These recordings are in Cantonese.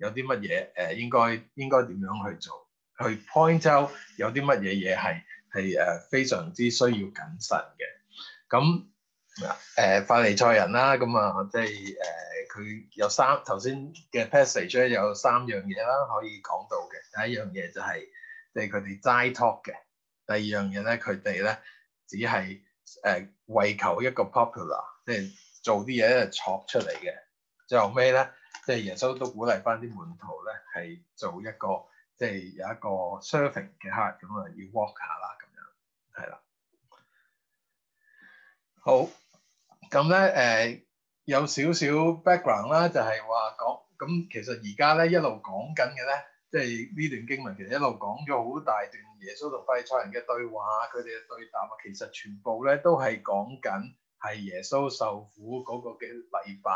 有啲乜嘢誒，應該應該點樣去做，去 point out 有啲乜嘢嘢係，係誒非常之需要謹慎嘅。咁誒、呃、法利賽人啦，咁啊即係誒佢有三頭先嘅 passage 咧，有三樣嘢啦可以講到嘅。第一樣嘢就係即係佢哋齋 talk 嘅。第二樣嘢咧，佢哋咧只係誒、呃、為求一個 popular，即係做啲嘢咧作出嚟嘅。最後尾咧。即係耶穌都鼓勵翻啲門徒咧，係做一個即係有一個 serving 嘅 heart 咁啊要 walk 下啦，咁樣係啦。好，咁咧誒有少少 background 啦，就係話講，咁、嗯、其實而家咧一路講緊嘅咧，即係呢段經文，其實一路講咗好大段耶穌同法利賽人嘅對話，佢哋嘅對答啊，其實全部咧都係講緊係耶穌受苦嗰個嘅禮拜。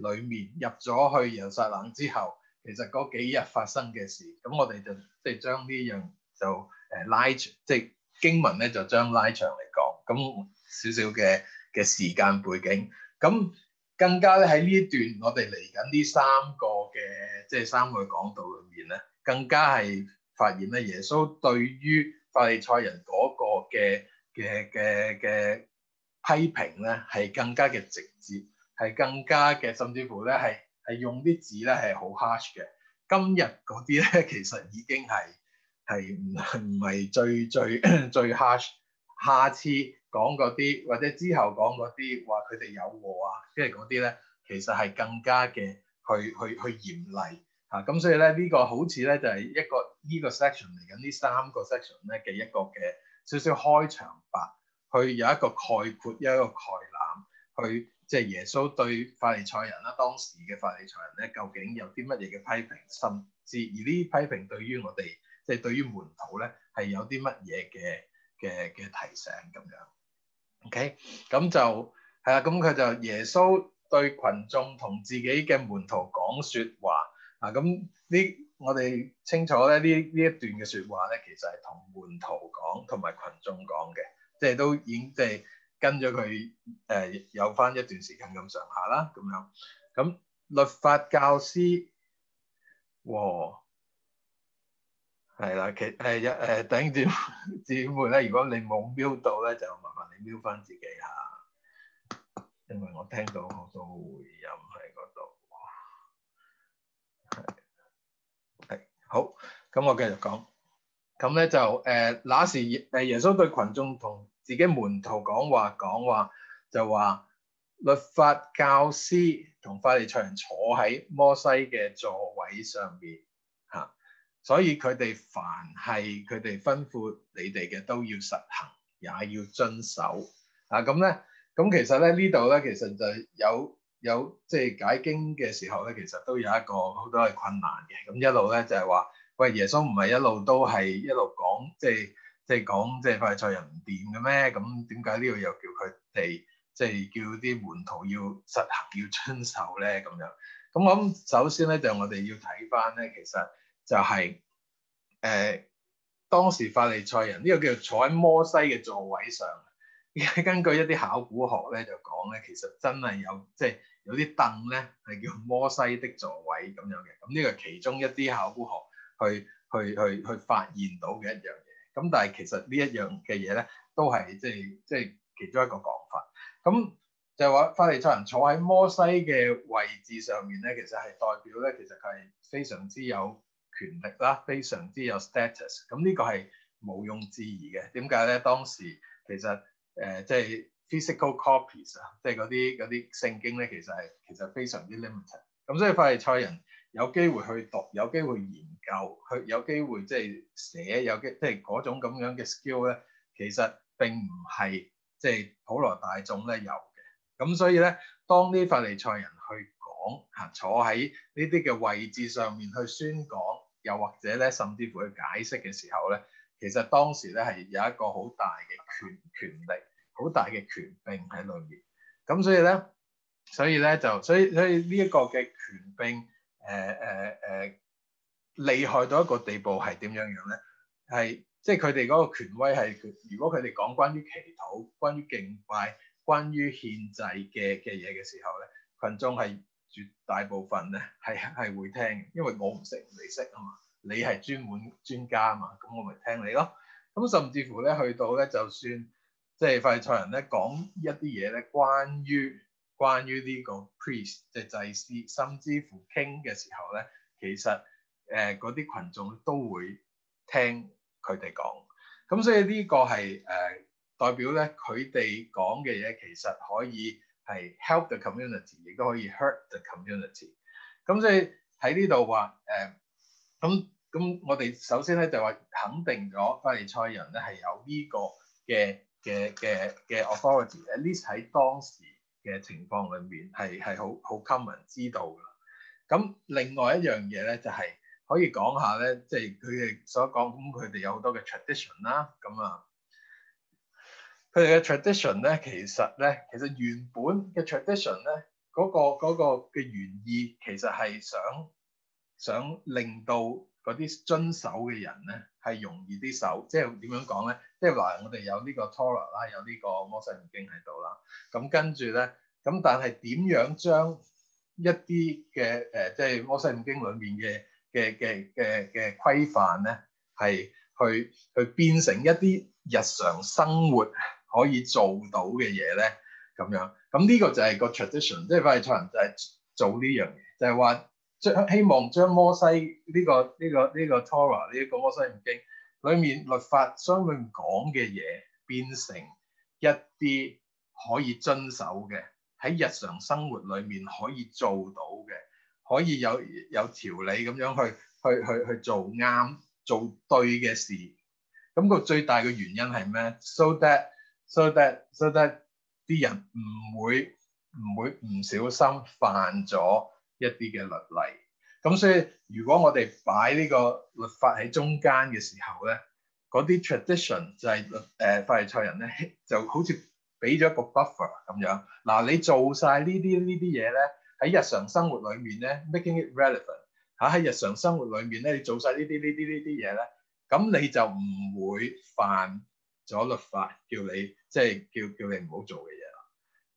裏面入咗去耶路撒冷之後，其實嗰幾日發生嘅事，咁我哋就即係將呢樣就誒拉長，即係經文咧就將拉長嚟講，咁少少嘅嘅時間背景，咁更加咧喺呢一段我哋嚟緊呢三個嘅即係三個講道裏面咧，更加係發現咧耶穌對於法利賽人嗰個嘅嘅嘅嘅批評咧係更加嘅直接。係更加嘅，甚至乎咧係係用啲字咧係好 harsh 嘅。今日嗰啲咧其實已經係係唔唔係最最最 harsh。下次講嗰啲，或者之後講嗰啲話佢哋有禍啊，即係嗰啲咧，其實係更加嘅去去去嚴厲嚇。咁、啊、所以咧呢、呢個好似咧就係、是、一個呢、呢個 section 嚟緊呢三個 section 咧嘅一個嘅少少開場白，去有一個概括，有一個概覽去。去即係耶穌對法利賽人啦，當時嘅法利賽人咧，究竟有啲乜嘢嘅批評，甚至而呢啲批評對於我哋，即係對於門徒咧，係有啲乜嘢嘅嘅嘅提醒咁樣。OK，咁就係啦，咁佢就耶穌對群眾同自己嘅門徒講説話啊。咁呢，我哋清楚咧呢呢一段嘅説話咧，其實係同門徒講同埋群眾講嘅，即係都已經即係。即係跟咗佢誒有翻一段時間咁上下啦，咁樣咁律法教師和係啦，其誒誒頂住姊妹咧，如果你冇瞄到咧，就麻煩你瞄翻自己下，因為我聽到好多回音喺嗰度。係，係好，咁我繼續講。咁咧就誒，那時誒耶穌對羣眾同。自己門徒講話，講話就話律法教師同法利賽人坐喺摩西嘅座位上邊嚇，啊，所以佢哋凡係佢哋吩咐你哋嘅都要實行，也要遵守啊。咁咧，咁其實咧，呢度咧，其實就有有即係，就是，解經嘅時候咧，其實都有一個好多係困難嘅。咁一路咧就係，是，話喂，耶穌唔係一路都係一路講即係。就是即係講，即係法利賽人唔掂嘅咩？咁點解呢個又叫佢哋，即係叫啲門徒要實行，要遵守咧？咁樣咁我諗首先咧就我哋要睇翻咧，其實就係誒當時法利賽人呢個叫做坐喺摩西嘅座位上。根據一啲考古學咧就講咧，其實真係有即係有啲凳咧係叫摩西的座位咁樣嘅。咁呢個其中一啲考古學去去去去發現到嘅一樣嘢。咁但係其實呢一樣嘅嘢咧，都係即係即係其中一個講法。咁就係話，法利賽人坐喺摩西嘅位置上面咧，其實係代表咧，其實佢係非常之有權力啦，非常之有 status。咁呢個係毋庸置疑嘅。點解咧？當時其實誒即係 physical copies 啊，即係嗰啲嗰啲聖經咧，其實係其實非常之 limited。咁所以法利賽人，有機會去讀，有機會研究，去有機會即係寫，有機會即係嗰種咁樣嘅 skill 咧，其實並唔係即係普羅大眾咧有嘅。咁所以咧，當呢法利賽人去講嚇，坐喺呢啲嘅位置上面去宣講，又或者咧，甚至乎去解釋嘅時候咧，其實當時咧係有一個好大嘅權權力，好大嘅權柄喺裏面。咁所以咧，所以咧就所以所以呢一個嘅權柄。誒誒誒，厲、呃呃、害到一個地步係點樣樣咧？係即係佢哋嗰個權威係，如果佢哋講關於祈禱、關於敬拜、關於獻祭嘅嘅嘢嘅時候咧，群眾係絕大部分咧係係會聽，因為我唔識你識啊嘛，你係專門專家啊嘛，咁我咪聽你咯。咁甚至乎咧去到咧，就算即係法利賽人咧講一啲嘢咧，關於。關於呢個 priest 即祭司，甚至乎 king 嘅時候咧，其實誒嗰啲群眾都會聽佢哋講。咁所以呢個係誒、呃、代表咧，佢哋講嘅嘢其實可以係 help the community，亦都可以 hurt the community。咁所以喺呢度話誒咁咁，呃、我哋首先咧就話肯定咗法利賽人咧係有呢個嘅嘅嘅嘅 authority。至少喺當時。嘅情況裏面係係好好 common 知道嘅，咁另外一樣嘢咧就係可以講下咧，即係佢哋所講咁，佢哋有好多嘅 tradition 啦，咁啊，佢哋嘅 tradition 咧，其實咧，其實原本嘅 tradition 咧，嗰個嗰個嘅原意其實係想想令到。嗰啲遵守嘅人咧，係容易啲守，即係點樣講咧？即係話我哋有呢個 Torah 啦，有呢個《摩西五經》喺度啦。咁跟住咧，咁但係點樣將一啲嘅誒，即係《摩西五經》裏面嘅嘅嘅嘅嘅規範咧，係去去變成一啲日常生活可以做到嘅嘢咧？咁樣咁呢個就係個 tradition，即係佛系財神就係做呢樣嘢，就係話。將希望將摩西呢個呢個呢個 Torah，呢個摩西唔經裏面律法，所以裏面講嘅嘢變成一啲可以遵守嘅，喺日常生活裏面可以做到嘅，可以有有條理咁樣去去去去，去做啱做對嘅事。咁個最大嘅原因係咩？So that so that so that 啲人唔會唔會唔小心犯咗，一啲嘅律例，咁所以如果我哋擺呢個律法喺中間嘅時候咧，嗰啲 tradition 就係律誒、呃、法理錯人咧，就好似俾咗一個 buffer 咁樣，嗱，你做晒呢啲呢啲嘢咧，喺日常生活裏面咧，making it relevant 嚇、啊、喺日常生活裏面咧，你做晒呢啲呢啲呢啲嘢咧，咁你就唔會犯咗律法叫你即係、就是、叫叫你唔好做嘅嘢啦。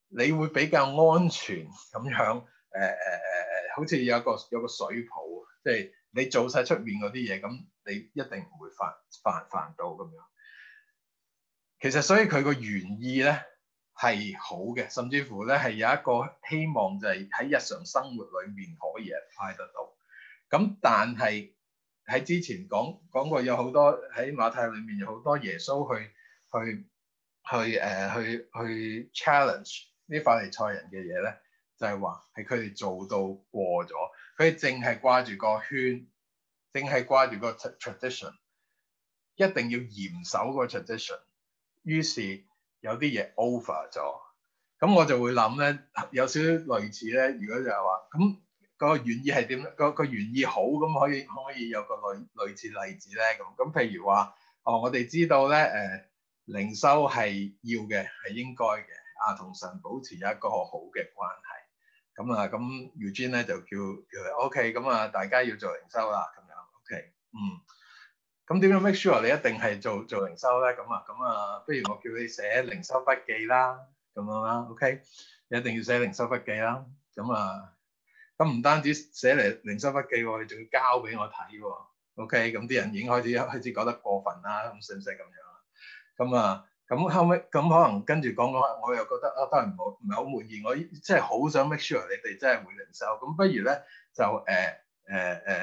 你會比較安全咁樣誒誒誒。呃呃好似有個有個水泡，即係你做晒出面嗰啲嘢，咁你一定唔會犯犯犯到咁樣。其實所以佢個原意咧係好嘅，甚至乎咧係有一個希望，就係喺日常生活裏面可以係派得到。咁但係喺之前講講過有，有好多喺馬太裏面有好多耶穌去去去誒、呃、去去 challenge 啲法利賽人嘅嘢咧。就係話係佢哋做到過咗，佢哋淨係掛住個圈，淨係掛住個 tradition，一定要嚴守個 tradition。於是有啲嘢 over 咗，咁我就會諗咧，有少少類似咧。如果就係話咁個原意係點咧？個個原意好咁可以可以有個類類似例子咧。咁咁譬如話哦，我哋知道咧誒靈修係要嘅係應該嘅啊，同神保持一個好嘅關係。咁啊，咁 Eugene 咧就叫，誒 OK，咁啊，大家要做營收啦，咁樣 OK，嗯，咁點樣 make sure 你一定係做做營收咧？咁啊，咁啊，不如我叫你寫營收筆記啦，咁樣啦，OK，你一定要寫營收筆記啦，咁啊，咁唔單止寫嚟營收筆記喎，你仲要交俾我睇喎，OK，咁啲人已經開始開始覺得過分啦，咁使唔使咁樣？咁啊。咁後尾，咁可能跟住講講，我又覺得啊，都係冇唔係好滿意，我依即係好想 make sure 你哋真係會零售。咁不如咧就誒誒誒誒，咁、欸欸欸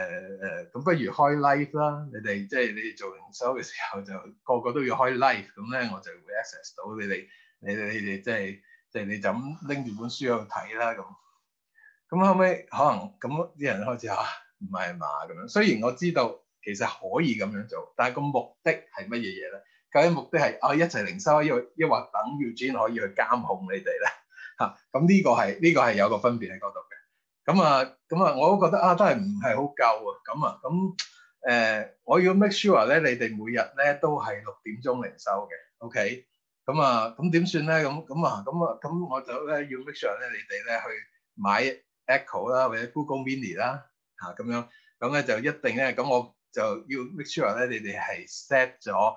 呃、不如開 live 啦！你哋即係你哋做零售嘅時候，就個個都要開 live。咁咧我就會 access 到你哋，你哋你哋即係即係你就咁拎住本書去睇啦咁。咁後尾，可能咁啲人開始嚇唔係嘛，咁樣。雖然我知道其實可以咁樣做，但係個目的係乜嘢嘢咧？究竟目的係啊，一齊零收，因為抑或等住 Jane 可以去監控你哋咧嚇？咁呢個係呢個係有個分別喺嗰度嘅。咁啊咁啊，我都覺得啊，都係唔係好夠啊。咁啊咁誒，我要 make sure 咧，你哋每日咧都係六點鐘零收嘅。OK。咁啊咁點算咧？咁咁啊咁啊咁我就咧要 make sure 咧，你哋咧去買 Echo 啦，或者 Google Mini 啦嚇咁樣。咁咧就一定咧，咁我就要 make sure 咧，你哋係 set 咗。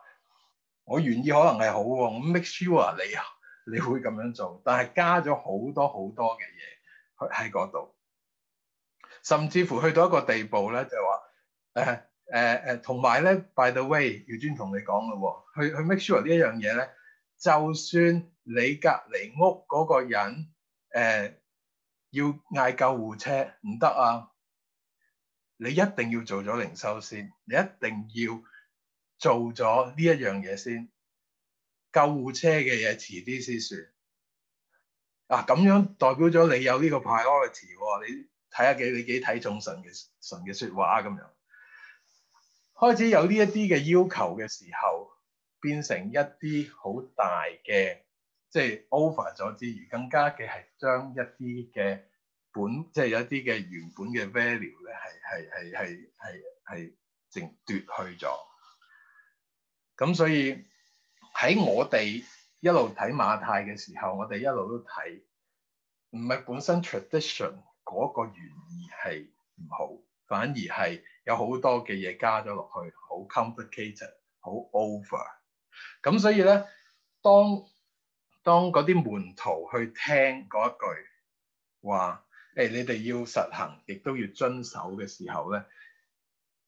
我願意可能係好喎，我 make sure 你你會咁樣做，但係加咗好多好多嘅嘢去喺嗰度，甚至乎去到一個地步咧，就話誒誒誒，同埋咧，by the way 要專同你講嘅喎，去去 make sure 一呢一樣嘢咧，就算你隔離屋嗰個人誒、呃、要嗌救護車唔得啊，你一定要做咗靈修先，你一定要。做咗呢一樣嘢先，救護車嘅嘢遲啲先算。啊，咁樣代表咗你有呢個 priority 喎，你睇下幾你幾睇重神嘅神嘅説話咁樣。開始有呢一啲嘅要求嘅時候，變成一啲好大嘅，即係 over 咗之餘，更加嘅係將一啲嘅本，即係有一啲嘅原本嘅 value 咧，係係係係係係淨奪去咗。咁所以喺我哋一路睇馬太嘅時候，我哋一路都睇，唔係本身 tradition 嗰個原意係唔好，反而係有好多嘅嘢加咗落去，好 complicated，好 over。咁所以咧，當當嗰啲門徒去聽嗰一句話，誒、hey, 你哋要實行亦都要遵守嘅時候咧。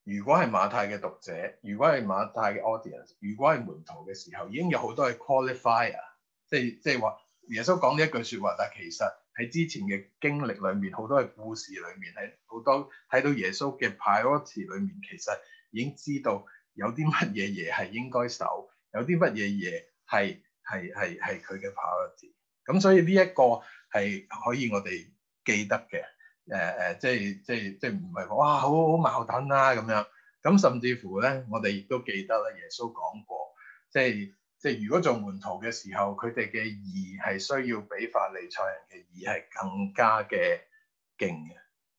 如果係馬太嘅讀者，如果係馬太嘅 audience，如果係門徒嘅時候，已經有好多係 qualifier，即係即係話耶穌講呢一句説話，但其實喺之前嘅經歷裏面，好多嘅故事裏面喺好多睇到耶穌嘅 priority 裏面，其實已經知道有啲乜嘢嘢係應該守，有啲乜嘢嘢係係係係佢嘅 priority。咁所以呢一個係可以我哋記得嘅。誒誒、呃呃，即係即係即係唔係話哇，好好矛盾啦、啊、咁樣。咁甚至乎咧，我哋亦都記得咧，耶穌講過，即係即係如果做門徒嘅時候，佢哋嘅義係需要比法利賽人嘅義係更加嘅勁嘅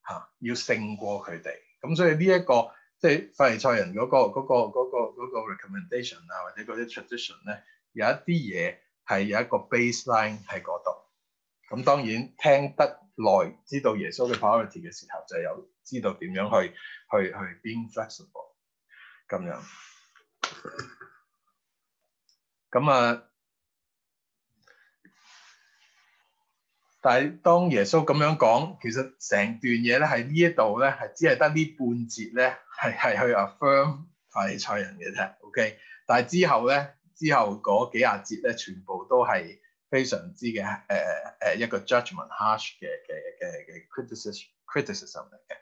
嚇，要勝過佢哋。咁所以呢、這、一個即係法利賽人嗰、那個嗰、那個嗰、那個嗰、那個 recommendation 啊，或者嗰啲 tradition 咧，有一啲嘢係有一個 baseline 喺嗰度。咁當然聽得。來知道耶穌嘅 priority 嘅時候，就有知道點樣去去去 be flexible 咁樣。咁啊，但係當耶穌咁樣講，其實成段嘢咧，喺呢一度咧，係只係得呢半節咧，係係去 affirm 賽人嘅啫。OK，但係之後咧，之後嗰幾廿節咧，全部都係。非常之嘅誒誒、uh, 一、uh, 個、uh, judgment harsh 嘅嘅嘅嘅 criticism criticism 嚟嘅，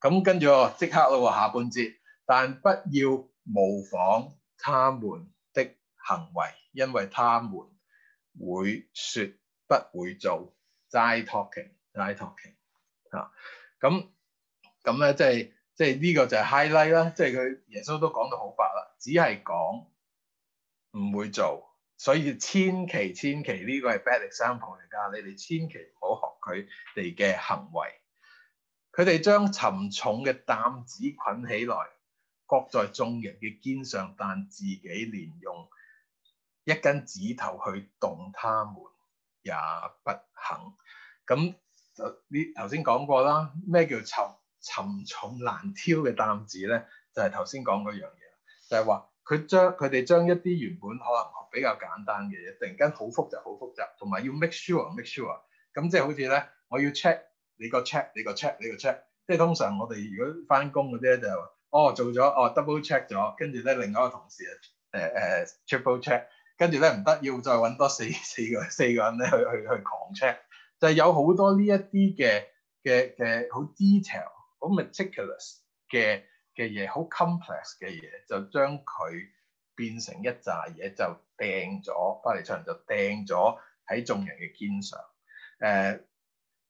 咁、嗯、跟住我即刻咯，下半節，但不要模仿他們的行為，因為他們會説不會做 just talking，just talking 嚇，咁咁咧即係即係呢個就係 highlight 啦，即係佢耶穌都講到好白啦，只係講唔會做。所以千祈千祈，呢個係 bad example 嚟噶，你哋千祈唔好學佢哋嘅行為。佢哋將沉重嘅擔子捆起來，擱在眾人嘅肩上，但自己連用一根指頭去動他們也不肯。咁就呢頭先講過啦，咩叫沉沉重難挑嘅擔子咧？就係頭先講嗰樣嘢，就係話。佢將佢哋將一啲原本可能比較簡單嘅嘢，突然間好複雜，好複雜，同埋要 make sure make sure，咁即係好似咧，我要 check 你個 check 你個 check 你個 check，即係通常我哋如果返工嗰啲咧就話，哦做咗，哦 double check 咗，跟住咧另一個同事啊誒誒 triple check，跟住咧唔得要再揾多四四個四個人咧去去去狂 check，就係有好多呢一啲嘅嘅嘅好 detail 好 meticulous 嘅嘅嘢好 complex 嘅嘢，就將佢變成一揸嘢就掟咗，法利賽人就掟咗喺眾人嘅肩上。誒、呃，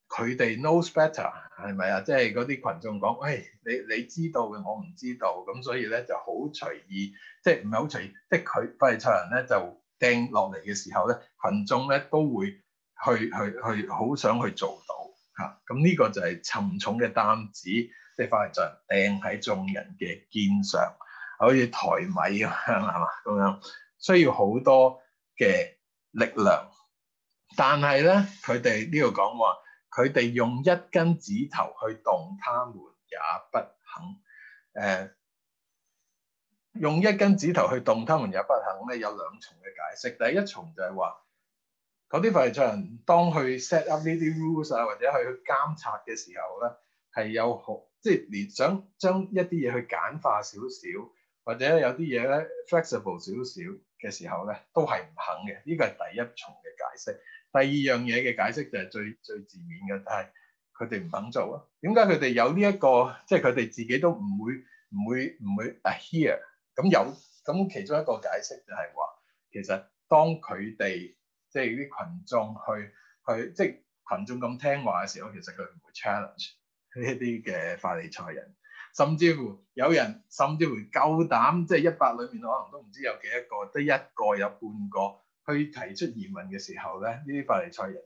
佢哋 knows better 係咪啊？即係嗰啲群眾講，誒、哎、你你知道嘅，我唔知道，咁所以咧就好隨意，即係唔係好隨意？即係佢法利賽人咧就掟落嚟嘅時候咧，群眾咧都會去去去好想去做到嚇。咁、啊、呢個就係沉重嘅擔子。即係法利賽人掟喺眾人嘅肩上，好似抬米咁樣，係咪咁樣？需要好多嘅力量，但係咧，佢哋呢度講話，佢哋用一根指頭去動他們也不肯。誒、呃，用一根指頭去動他們也不肯咧，有兩重嘅解釋。第一重就係話，嗰啲法利賽人當去 set up 呢啲 rules 啊，或者係去監察嘅時候咧，係有好。即係連想將一啲嘢去簡化少少，或者有啲嘢咧 flexible 少少嘅時候咧，都係唔肯嘅。呢個係第一重嘅解釋。第二樣嘢嘅解釋就係最最字面嘅，就係佢哋唔肯做啊。點解佢哋有呢一個？即係佢哋自己都唔會唔會唔會 adhere。咁有咁其中一個解釋就係話，其實當佢哋即係啲群眾去去即係、就是、群眾咁聽話嘅時候，其實佢唔會 challenge。呢一啲嘅法利賽人，甚至乎有人，甚至乎夠膽，即係一百裏面可能都唔知有幾多個，得一個有半個去提出疑問嘅時候咧，呢啲法利賽人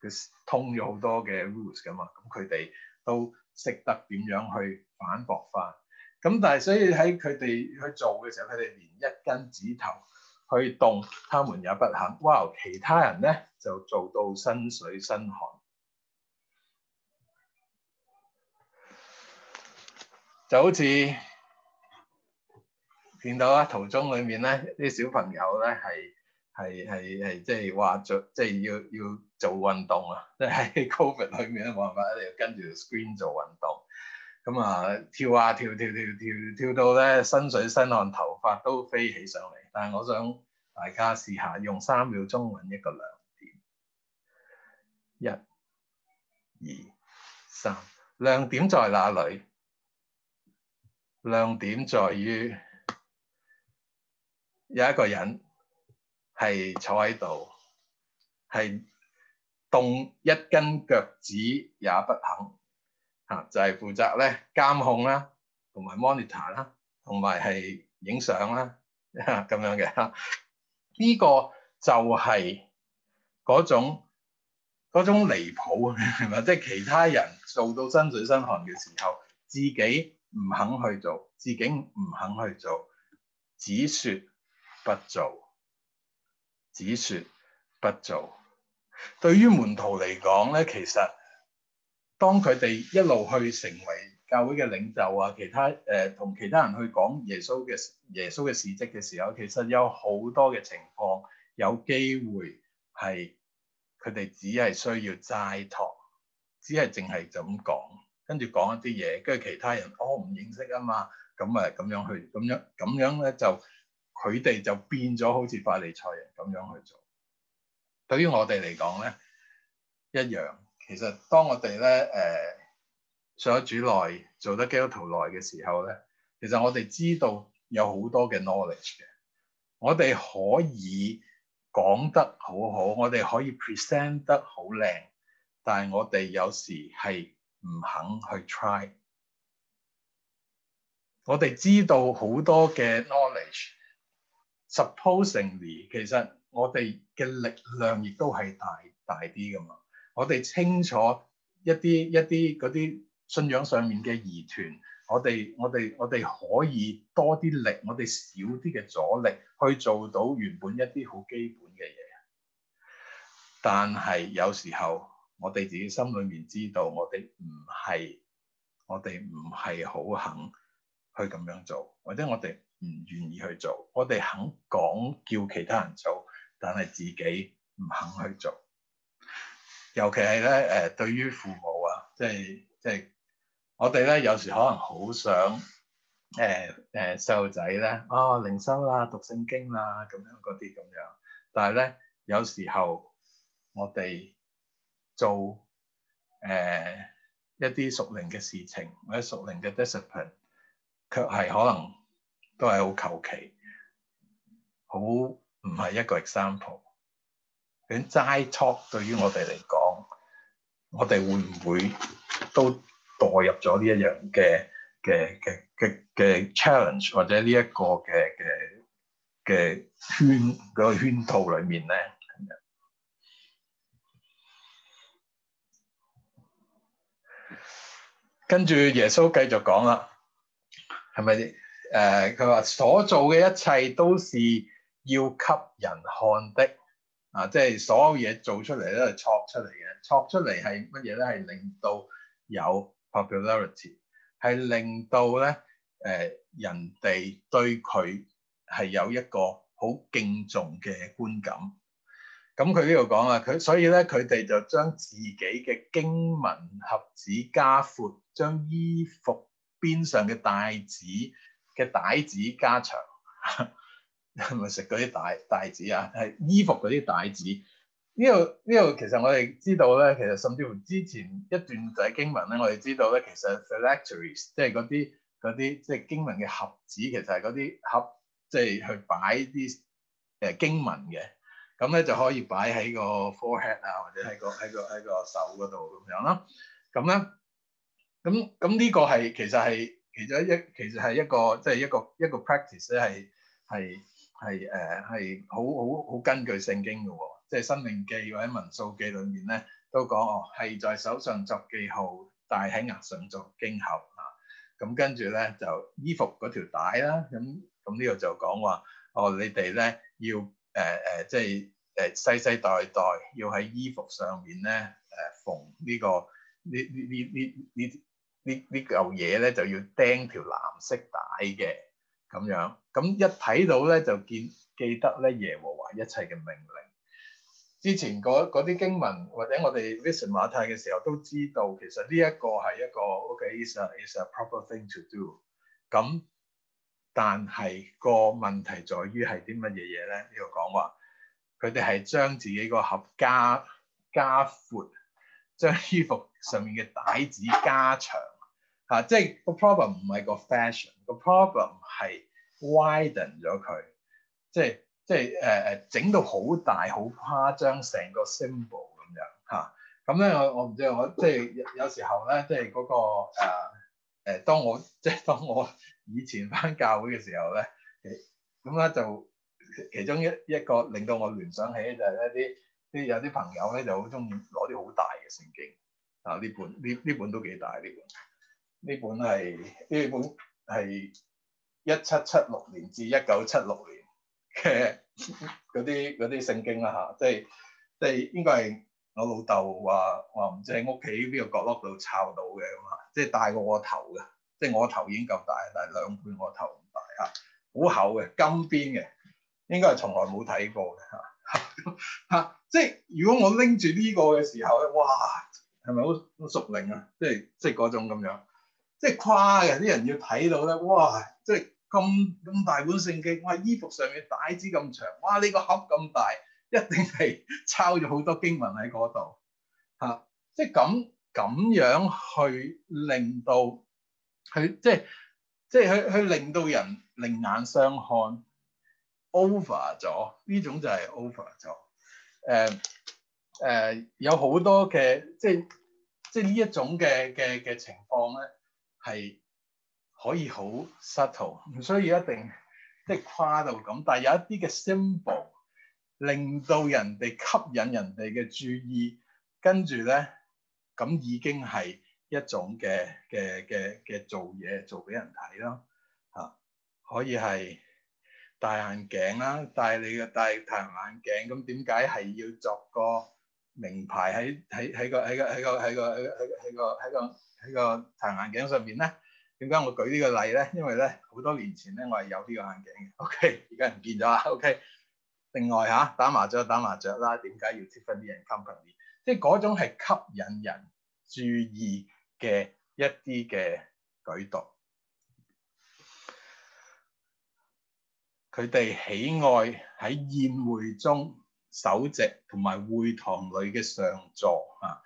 佢通咗好多嘅 rules 噶嘛，咁佢哋都識得點樣去反駁翻。咁但係所以喺佢哋去做嘅時候，佢哋連一根指頭去動，他們也不肯。哇！其他人咧就做到身水身汗。就好似見到啊，圖中裏面咧啲小朋友咧係係係係即係話着，即係要要做運動啊！即係喺 Covid 裏面都冇辦法，一定要跟住 screen 做運動咁啊，跳啊跳跳跳跳跳，跳到咧身水身汗，頭髮都飛起上嚟。但係我想大家試下用三秒鐘揾一個亮點，一、二、三，亮點在哪裏？亮點在於有一個人係坐喺度，係凍一根腳趾也不肯嚇、啊，就係、是、負責咧監控啦、啊，同埋 monitor 啦，同埋係影相啦咁樣嘅。呢、這個就係嗰種嗰種離譜係嘛？即 係其他人做到身水身汗嘅時候，自己。唔肯去做，自己唔肯去做，只說不做，只說不做。對於門徒嚟講咧，其實當佢哋一路去成為教會嘅領袖啊，其他誒同、呃、其他人去講耶穌嘅耶穌嘅事跡嘅時候，其實有好多嘅情況，有機會係佢哋只係需要齋托，只係淨係就咁講。跟住講一啲嘢，跟住其他人我唔、哦、認識啊嘛，咁啊咁樣去，咁樣咁樣咧就佢哋就變咗好似法利賽人咁樣去做。對於我哋嚟講咧，一樣，其實當我哋咧誒上咗主內，做得基督徒內嘅時候咧，其實我哋知道有好多嘅 knowledge 嘅，我哋可以講得好好，我哋可以 present 得好靚，但係我哋有時係，唔肯去 try，我哋知道好多嘅 knowledge，supposingly 其實我哋嘅力量亦都係大大啲噶嘛，我哋清楚一啲一啲嗰啲信仰上面嘅疑團，我哋我哋我哋可以多啲力，我哋少啲嘅阻力，去做到原本一啲好基本嘅嘢，但係有時候。我哋自己心裏面知道我，我哋唔係，我哋唔係好肯去咁樣做，或者我哋唔願意去做。我哋肯講叫其他人做，但係自己唔肯去做。尤其係咧誒，對於父母啊，即係即係我哋咧，有時可能好想誒誒細路仔咧，哦靈修啦、讀聖經啦咁樣嗰啲咁樣，但係咧有時候我哋。做誒、呃、一啲熟齡嘅事情或者熟齡嘅 discipline，卻係可能都係好求其，好唔係一個 example。咁齋 talk 對於我哋嚟講，我哋會唔會都代入咗呢一樣嘅嘅嘅嘅嘅 challenge，或者呢一個嘅嘅嘅圈、嗰個圈套裏面咧？跟住耶穌繼續講啦，係咪？誒、呃，佢話所做嘅一切都是要給人看的啊！即係所有嘢做出嚟都係錯出嚟嘅。錯出嚟係乜嘢咧？係令到有 popularity，係令到咧誒、呃、人哋對佢係有一個好敬重嘅觀感。咁佢呢度講啦，佢所以咧佢哋就將自己嘅經文盒子加闊。將衣服邊上嘅帶子嘅帶子加長，係咪食嗰啲帶帶子啊？係衣服嗰啲帶子。呢度呢度其實我哋知道咧，其實甚至乎之前一段就係經文咧，我哋知道咧，其實 phylacteries 即係嗰啲啲即係、就是、經文嘅盒子，其實係嗰啲盒，即、就、係、是、去擺啲誒經文嘅，咁咧就可以擺喺個 forehead 啊，或者喺個喺個喺個手嗰度咁樣啦。咁咧。咁咁呢個係其實係其，其實一其實係一個即係一個一個 practice 咧係係係誒係好好好根據聖經嘅喎、哦，即係申命記或者民數記裏面咧都講，哦，係在手上作記號，戴喺額上作記號啊。咁跟住咧就衣服嗰條帶啦，咁咁呢個就講話，哦，你哋咧要誒誒、呃呃、即係誒世世代代要喺衣服上面咧誒縫呢個呢呢呢呢呢。呃呢呢嚿嘢咧就要釘條藍色帶嘅咁樣，咁一睇到咧就見記得咧耶和華一切嘅命令。之前嗰啲經文或者我哋 visit 馬太嘅時候都知道，其實呢一個係一個 o k、okay, it's a, it's a proper thing to do。咁但係個問題在於係啲乜嘢嘢咧？呢、呢個講話，佢哋係將自己個盒加加闊，將衣服上面嘅帶子加長。啊！即係個 problem 唔係個 fashion，個 problem 係 widen 咗佢，即係即係誒誒，整到好大好誇張，成個 symbol 咁樣嚇。咁咧，我我唔知，我即係有有時候咧，即係嗰個誒誒，當我即係當我以前翻教會嘅時候咧，咁咧就其中一一個令到我聯想起就係一啲啲有啲朋友咧就好中意攞啲好大嘅聖經啊！呢本呢呢本都幾大呢本。呢本係呢本係一七七六年至一九七六年嘅嗰啲啲聖經啊吓，即係即係應該係我老豆話話唔知喺屋企邊個角落度抄到嘅咁啊，即係大過我頭嘅，即係我頭已經夠大，但係兩倍我頭咁大嚇，好、啊、厚嘅金邊嘅，應該係從來冇睇過嘅嚇嚇，即係如果我拎住呢個嘅時候咧，哇、啊，係咪好熟靈啊？即係即係嗰種咁樣。即係誇嘅，啲人要睇到咧，哇！即係咁咁大本聖經，哇！衣服上面帶子咁長，哇！呢個盒咁大，一定係抄咗好多經文喺嗰度嚇。即係咁咁樣去令到佢，即係即係去去令到人另眼相看 over。Over 咗呢種就係 over 咗。誒、呃、誒、呃，有好多嘅，即係即係呢一種嘅嘅嘅情況咧。係可以好 subtle 唔需要一定即係誇到咁，但係有一啲嘅 symbol 令到人哋吸引人哋嘅注意，跟住咧咁已經係一種嘅嘅嘅嘅做嘢做俾人睇咯嚇、啊，可以係戴眼鏡啦，戴你嘅戴太陽眼鏡，咁點解係要作個名牌喺喺喺個喺個喺個喺個喺個喺個喺個？喺個茶眼鏡上邊咧，點解我舉呢個例咧？因為咧，好多年前咧，我係有呢個眼鏡嘅。OK，而家唔見咗啦。OK，另外嚇、啊、打麻雀打麻雀啦，點解要設分啲人 company 即係嗰種係吸引人注意嘅一啲嘅舉動。佢哋喜愛喺宴會中首席同埋會堂裏嘅上座啊！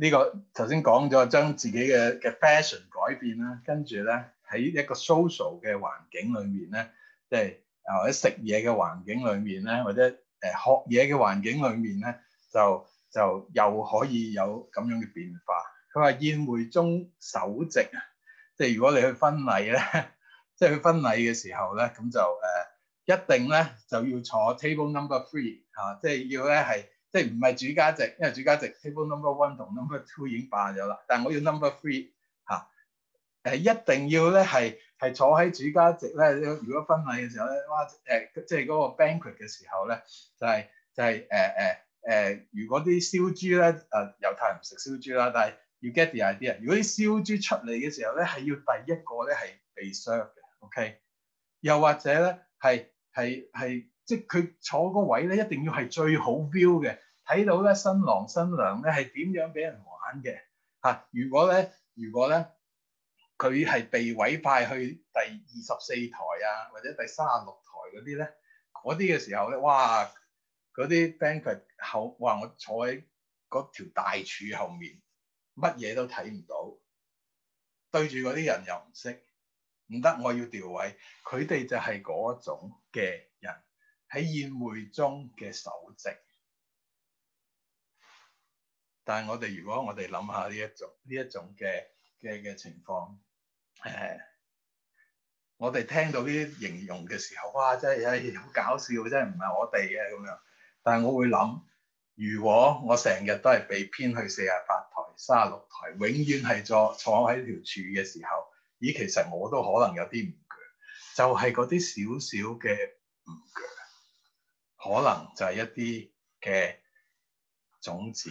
呢個頭先講咗，將自己嘅嘅 fashion 改變啦，跟住咧喺一個 social 嘅環境裏面咧，即係或者食嘢嘅環境裏面咧，或者誒學嘢嘅環境裏面咧，就就又可以有咁樣嘅變化。佢話宴會中首席啊，即係如果你去婚禮咧，即係去婚禮嘅時候咧，咁就誒一定咧就要坐 table number three 嚇，即係要咧係。即係唔係主家席，因為主家席 table number one 同 number two 已經霸咗啦。但係我要 number three 嚇、啊，誒一定要咧係係坐喺主家席咧。如果婚禮嘅時候咧，哇誒、呃，即係嗰個 banquet 嘅時候咧，就係、是、就係誒誒誒，如果啲燒豬咧誒猶太人唔食燒豬啦，但係要 get the idea。如果啲燒豬出嚟嘅時候咧，係要第一個咧係被 serve 嘅，OK。又或者咧係係係，即係佢坐個位咧一定要係最好 view 嘅。睇到咧新郎新娘咧係點樣俾人玩嘅嚇、啊？如果咧，如果咧佢係被委派去第二十四台啊，或者第三十六台嗰啲咧，嗰啲嘅時候咧，哇！嗰啲 banquet、er、後，哇！我坐喺嗰條大柱後面，乜嘢都睇唔到，對住嗰啲人又唔識，唔得，我要調位。佢哋就係嗰種嘅人喺宴會中嘅首席。但係我哋如果我哋諗下呢一種呢一種嘅嘅嘅情況，誒、呃，我哋聽到呢啲形容嘅時候，哇！真係哎、好搞笑，真係唔係我哋嘅咁樣。但係我會諗，如果我成日都係被編去四啊八台、三啊六台，永遠係坐坐喺條柱嘅時候，咦？其實我都可能有啲唔強，就係嗰啲少少嘅唔強，可能就係一啲嘅種子。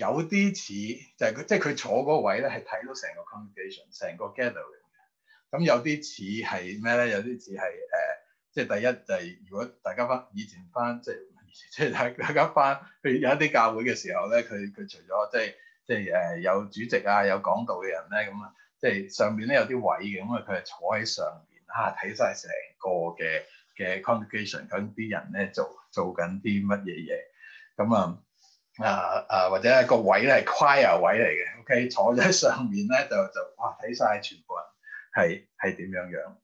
有啲似就係、是、佢，即係佢坐嗰位咧，係睇到成個 congregation 成個 gathering。咁有啲似係咩咧？有啲似係誒，即、呃、係、就是、第一就係如果大家翻以前翻，即係即係大大家翻，譬如有一啲教會嘅時候咧，佢佢除咗即係即係誒有主席啊、有講道嘅人咧，咁啊，即係上邊咧有啲位嘅，咁啊佢係坐喺上邊嚇睇晒成個嘅嘅 congregation 咁啲人咧做做緊啲乜嘢嘢，咁啊。啊啊，或者個位咧係 choir 位嚟嘅，OK，坐喺上面咧就就哇睇晒全部人係係點樣樣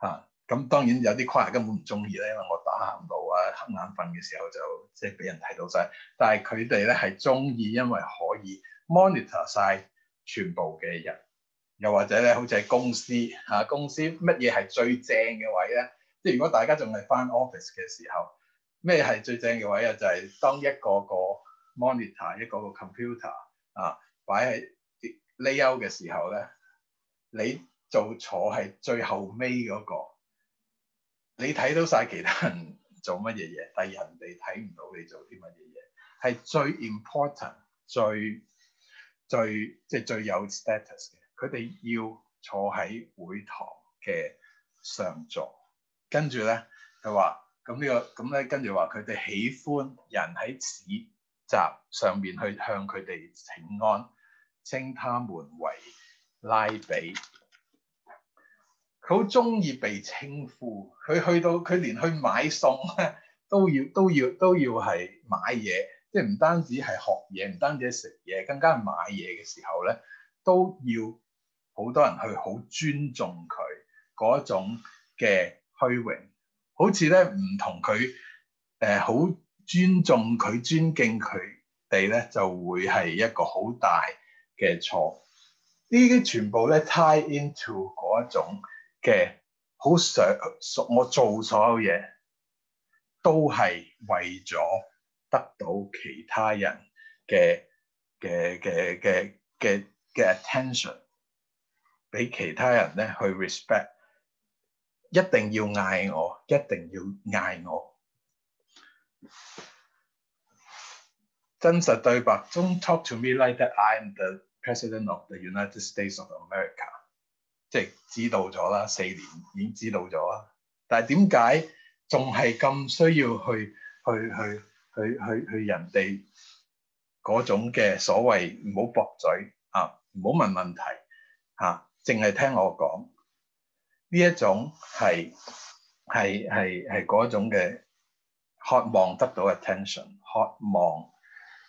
嚇。咁、啊、當然有啲 choir 根本唔中意咧，因為我打行路啊、瞌眼瞓嘅時候就即係俾人睇到晒。但係佢哋咧係中意，因為可以 monitor 晒全部嘅人。又或者咧，好似喺公司嚇、啊，公司乜嘢係最正嘅位咧？即係如果大家仲係返 office 嘅時候，咩係最正嘅位啊？就係、是、當一個個。monitor 一個個 computer 啊，擺喺 layout 嘅時候咧，你做坐喺最後尾嗰、那個，你睇到晒其他人做乜嘢嘢，但係人哋睇唔到你做啲乜嘢嘢，係最 important 最、最最即係最有 status 嘅。佢哋要坐喺會堂嘅上座，跟住咧佢話：，咁、這個、呢個咁咧，跟住話佢哋喜歡人喺此。」集上面去向佢哋請安，稱他們為拉比。佢好中意被稱呼，佢去到佢連去買餸咧，都要都要都要係買嘢，即係唔單止係學嘢，唔單止食嘢，更加係買嘢嘅時候咧，都要好多人去好尊重佢嗰種嘅虛榮，好似咧唔同佢誒好。呃尊重佢、尊敬佢哋咧，就會係一個好大嘅錯。呢啲全部咧，tie into 嗰一種嘅好想我做所有嘢都係為咗得到其他人嘅嘅嘅嘅嘅嘅 attention，俾其他人咧去 respect，一定要嗌我，一定要嗌我。真實對白，Don't talk to me like that. I am the president of the United States of America。即係知道咗啦，四年已經知道咗啦。但係點解仲係咁需要去去去去去去，去人哋嗰種嘅所謂唔好駁嘴啊，唔好問問題吓，啊，淨係聽我講呢一種係係係係嗰種嘅。渴望得到 attention，渴望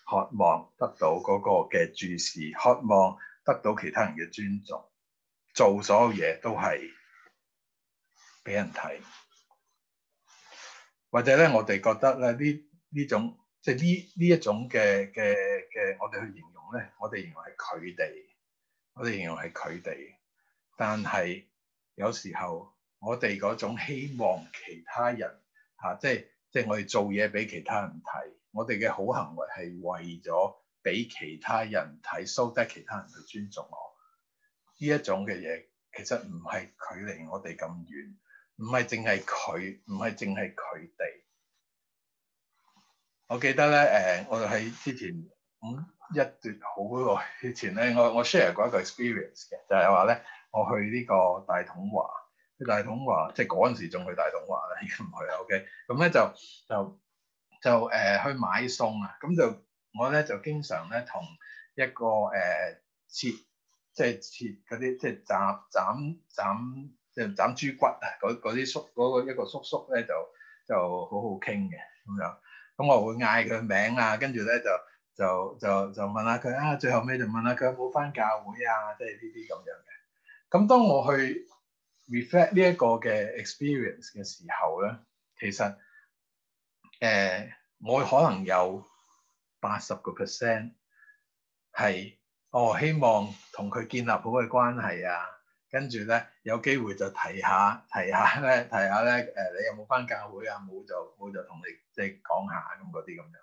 渴望得到嗰個嘅注視，渴望得到其他人嘅尊重，做所有嘢都係俾人睇。或者咧，我哋覺得咧呢呢種即係呢呢一種嘅嘅嘅，我哋去形容咧，我哋形容係佢哋，我哋形容係佢哋。但係有時候我哋嗰種希望其他人吓、啊、即係。即係我哋做嘢俾其他人睇，我哋嘅好行為係為咗俾其他人睇，so that 其他人去尊重我。呢一種嘅嘢其實唔係距離我哋咁遠，唔係淨係佢，唔係淨係佢哋。我記得咧，誒，我喺之前咁一段好耐之前咧，我我 share 過一個 experience 嘅，就係話咧，我去呢個大統華。大統就是、去大統華，即係嗰陣時仲去大統華咧，而唔去 OK，咁、嗯、咧就就就誒、呃、去買餸啊，咁、嗯、就我咧就經常咧同一個誒、呃、切即係切嗰啲即係斬斬斬即係斬斬豬骨啊，嗰啲叔嗰個一個叔叔咧就就好好傾嘅咁樣，咁、嗯、我會嗌佢名啊，跟住咧就就就就問下佢啊，最後尾就問下佢有冇返教會啊，即係呢啲咁樣嘅。咁、嗯、當我去。reflect 呢一個嘅 experience 嘅時候咧，其實誒、呃、我可能有八十個 percent 係哦希望同佢建立好嘅關係啊，跟住咧有機會就提下提下咧提下咧誒、呃、你有冇返教會啊？冇就冇就同你即係講下咁嗰啲咁樣。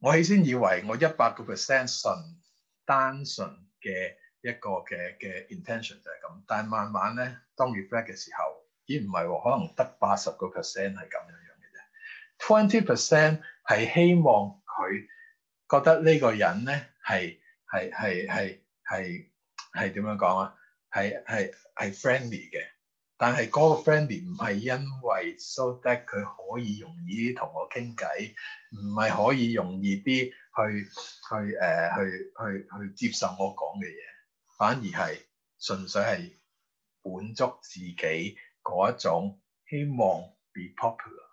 我起先以為我一百個 percent 純單純嘅。一個嘅嘅 intention 就係咁，但係慢慢咧，當 reflect 嘅時候，咦唔係喎，可能得八十個 percent 係咁樣樣嘅啫，twenty percent 係希望佢覺得呢個人咧係係係係係係點樣講啊？係係係 friendly 嘅，但係嗰個 friendly 唔係因為 so that 佢可以容易同我傾偈，唔係可以容易啲去、呃、去誒去去去、去接受我講嘅嘢。反而係純粹係滿足自己嗰一種希望 be popular，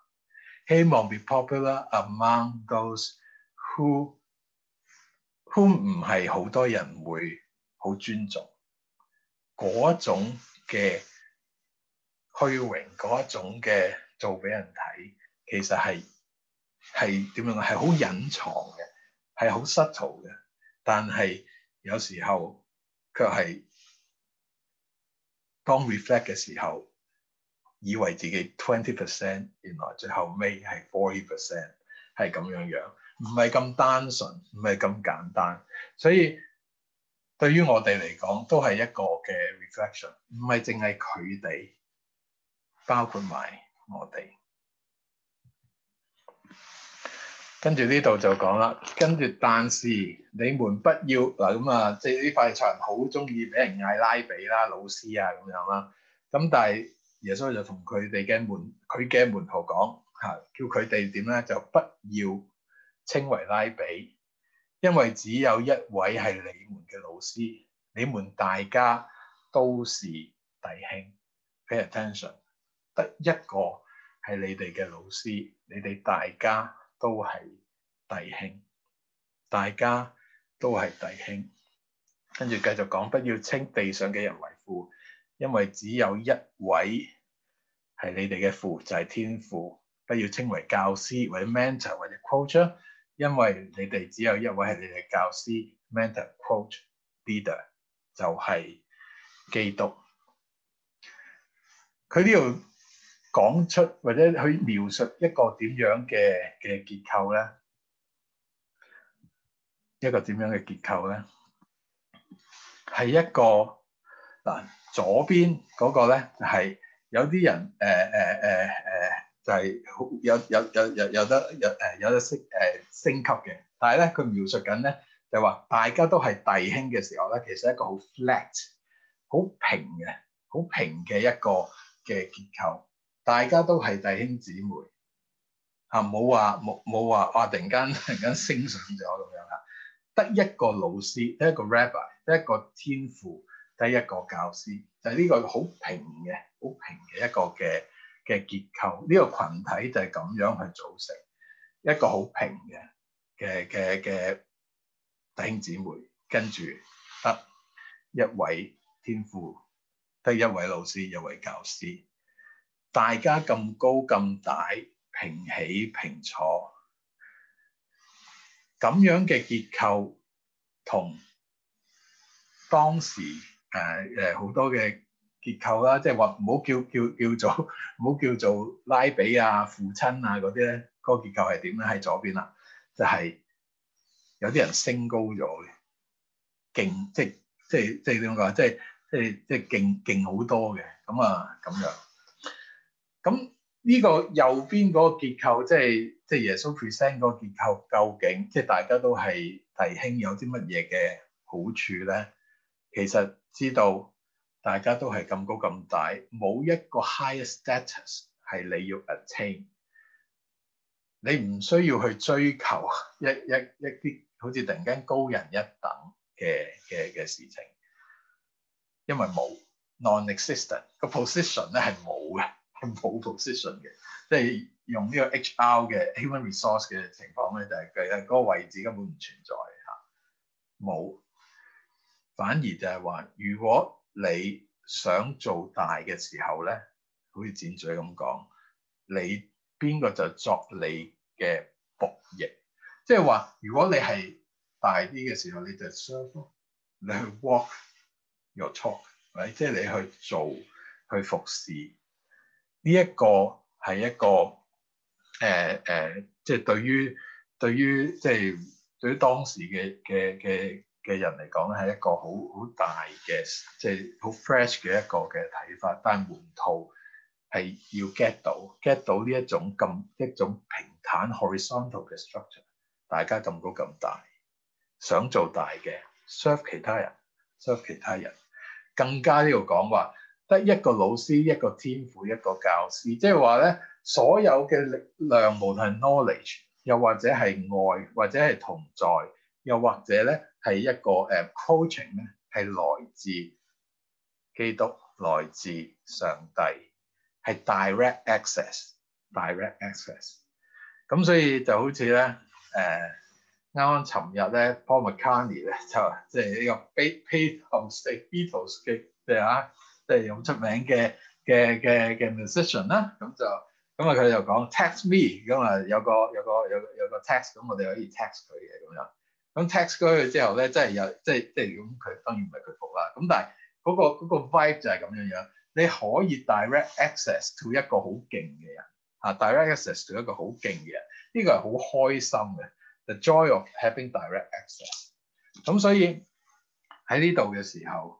希望 be popular among those who who 唔係好多人會好尊重嗰一種嘅虛榮，嗰一種嘅做俾人睇，其實係係點樣啊？係好隱藏嘅，係好 subtle 嘅，但係有時候。佢係當 reflect 嘅時候，以為自己 twenty percent，原來最後尾係 forty percent，係咁樣樣，唔係咁單純，唔係咁簡單，所以對於我哋嚟講都係一個嘅 reflection，唔係淨係佢哋，包括埋我哋。跟住呢度就講啦，跟住但是你們不要嗱咁啊，即係呢法利賽人好中意俾人嗌拉比啦、老師啊咁樣啦、啊。咁但係耶穌就同佢哋嘅門佢嘅門徒講嚇，叫佢哋點咧就不要稱為拉比，因為只有一位係你們嘅老師，你們大家都是弟兄。Pay attention，得一個係你哋嘅老師，你哋大家。都係弟兄，大家都係弟兄，跟住繼續講，不要稱地上嘅人為父，因為只有一位係你哋嘅父，就係天父。不要稱為教師或者 mentor 或者 coach，因為你哋只有一位係你哋教師、mentor、coach、leader，就係基督。佢呢度。講出或者去描述一個點樣嘅嘅結構咧，一個點樣嘅結構咧，係一個嗱左邊嗰個咧，就係有啲人誒誒誒誒，就係有有有有有得有誒有得升誒升級嘅，但係咧佢描述緊咧就話大家都係弟兄嘅時候咧，其實一個好 flat 好平嘅好平嘅一個嘅結構。大家都係弟兄姊妹，嚇冇話冇冇話話突然間突然間升上咗咁樣啦，得一個老師，得一個 rabbi，得一個天父，得一個教師，就係、是、呢個好平嘅好平嘅一個嘅嘅結構。呢、這個群體就係咁樣去組成一個好平嘅嘅嘅嘅弟兄姊妹，跟住得一位天父，得一位老師，一位教師。大家咁高咁大，平起平坐咁樣嘅結構，同當時誒誒好多嘅結構啦，即係話唔好叫叫叫做唔好 叫做拉比啊、父親啊嗰啲咧。嗰個結構係點咧？喺左邊啦，就係有啲人升高咗，嘅，勁即即即點講啊？即係即即勁勁好多嘅咁啊，咁樣。咁呢個右邊嗰個結構，即係即係耶穌 present 嗰個結構，究竟即係大家都係弟兄有啲乜嘢嘅好處咧？其實知道大家都係咁高咁大，冇一個 higher status 係你要 attain。你唔需要去追求一一一啲好似突然間高人一等嘅嘅嘅事情，因為冇 non-existent 個 position 咧係冇嘅。冇 position 嘅，即係用呢個 HR 嘅 human resource 嘅情況咧，就係佢係嗰個位置根本唔存在嚇，冇。反而就係話，如果你想做大嘅時候咧，好似箭嘴咁講，你邊個就作你嘅僕役，即係話，如果你係大啲嘅時候，你就 serve，你去 walk your talk，係，即係你去做去服侍。呢一個係、呃呃、一個誒誒，即係對於對於即係對於當時嘅嘅嘅嘅人嚟講咧，係一個好好大嘅即係好 fresh 嘅一個嘅睇法。但係換套係要 get 到 get 到呢一種咁一種平坦 horizontal 嘅 structure，大家咁高咁大，想做大嘅 serve 其他人 serve 其他人，更加呢個講話。得一個老師，一個天父，一個教師，即係話咧，所有嘅力量，無論係 knowledge，又或者係愛，或者係同在，又或者咧係一個誒 coaching 咧，係來自基督，來自上帝，係 direct access，direct access。咁所以就好似咧，誒啱啱尋日咧，Paul McCartney 咧就即係呢個 Beatles 嘅，即係嚇。即係有出名嘅嘅嘅嘅 musician 啦，咁就咁啊佢就講 text me，咁啊、嗯、有個有個有有個 text，咁我哋可以 text 佢嘅咁樣。咁 text 佢之後咧，即係有即即係咁，佢當然唔係佢服啦。咁但係嗰個嗰個 vibe 就係咁樣樣。你可以 direct access to 一個好勁嘅人吓 direct access to 一個好勁嘅人，呢個係好開心嘅。The joy of having direct access、嗯。咁所以喺呢度嘅時候。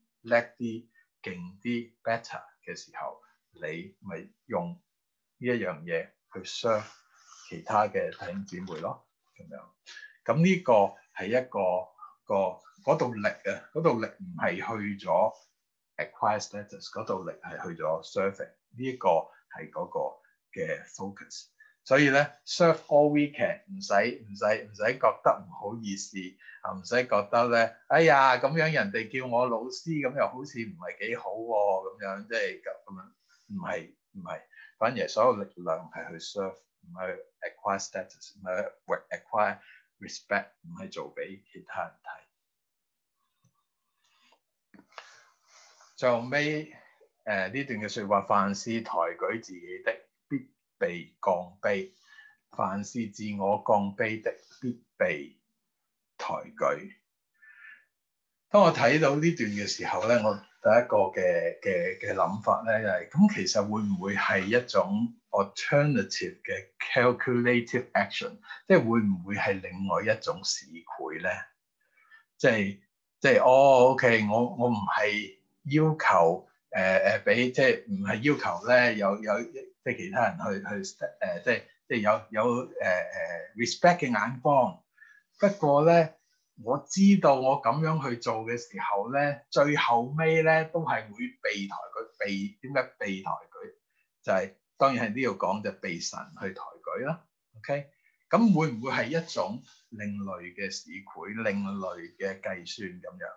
叻啲、勁啲、better 嘅時候，你咪用呢一樣嘢去 serve 其他嘅弟兄姊妹咯，咁樣。咁呢個係一個個度力啊，嗰度力唔係去咗 acquire status，嗰度力係去咗 serve。呢一個係嗰個嘅 focus。所以咧，serve all weekend，唔使唔使唔使覺得唔好意思啊，唔使覺得咧，哎呀咁樣人哋叫我老師，咁又好似唔係幾好喎、哦，咁樣即係咁咁樣，唔係唔係，反而所有力量係去 serve，唔係 acquire status，唔係 acquire respect，唔係做俾其他人睇。就尾誒，呢段嘅説話，凡是抬舉自己的被降卑，凡是自我降卑的，必被抬舉。當我睇到呢段嘅時候咧，我第一個嘅嘅嘅諗法咧就係、是、咁其實會唔會係一種 alternative 嘅 calculative action？即係會唔會係另外一種市儈咧？即係即係哦，OK，我我唔係要求誒誒俾即係唔係要求咧？有有。即係其他人去去誒、呃，即係即係有有誒誒、呃、respect 嘅眼光。不過咧，我知道我咁樣去做嘅時候咧，最後尾咧都係會被抬舉。被點解被抬舉？就係、是、當然係呢度講就係被神去抬舉啦。OK，咁會唔會係一種另類嘅市儈、另類嘅計算咁樣？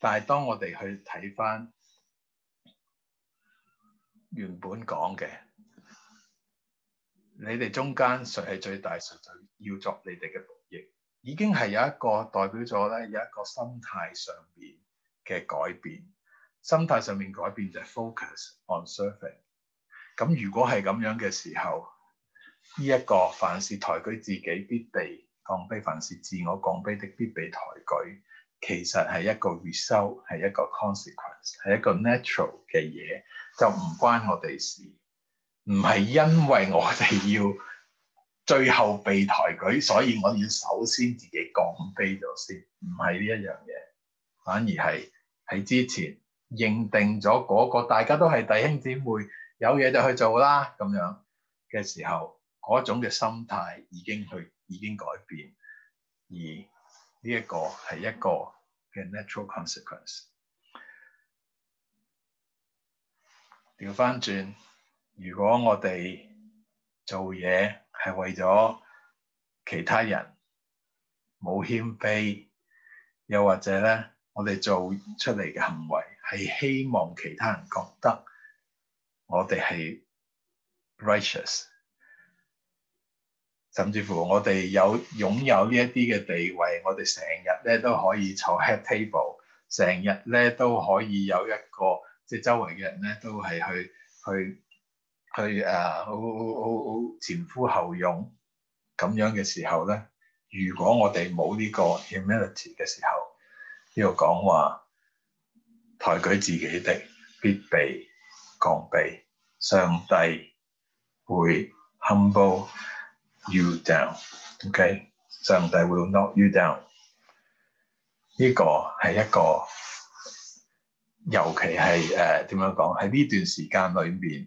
但係當我哋去睇翻原本講嘅。你哋中間誰係最大，誰最要作你哋嘅服役？已經係有一個代表咗咧，有一個心態上邊嘅改變。心態上面改變就係 focus on serving 咁如果係咁樣嘅時候，呢、這、一個凡事抬舉自己必被降卑，凡事自我降卑的必被抬舉，其實係一個 result，係一個 consequence，係一個 natural 嘅嘢，就唔關我哋事。唔係因為我哋要最後被抬舉，所以我要首先自己降卑咗先，唔係呢一樣嘢，反而係喺之前認定咗嗰個大家都係弟兄姊妹，有嘢就去做啦。咁樣嘅時候，嗰種嘅心態已經去已經改變，而呢一個係一個嘅 natural consequence。調翻轉。如果我哋做嘢係為咗其他人，冇謙卑，又或者咧，我哋做出嚟嘅行為，係希望其他人覺得我哋係 righteous，甚至乎我哋有擁有呢一啲嘅地位，我哋成日咧都可以坐 head table，成日咧都可以有一個即係周圍嘅人咧都係去去。去佢誒、啊、好好好，好前呼後擁咁樣嘅時候咧，如果我哋冇呢個 humility 嘅時候，呢、這個講話抬舉自己的，必被降卑。上帝會 humble you down，OK？、Okay? 上帝 will knock you down。呢個係一個，尤其係誒點樣講喺呢段時間裏面。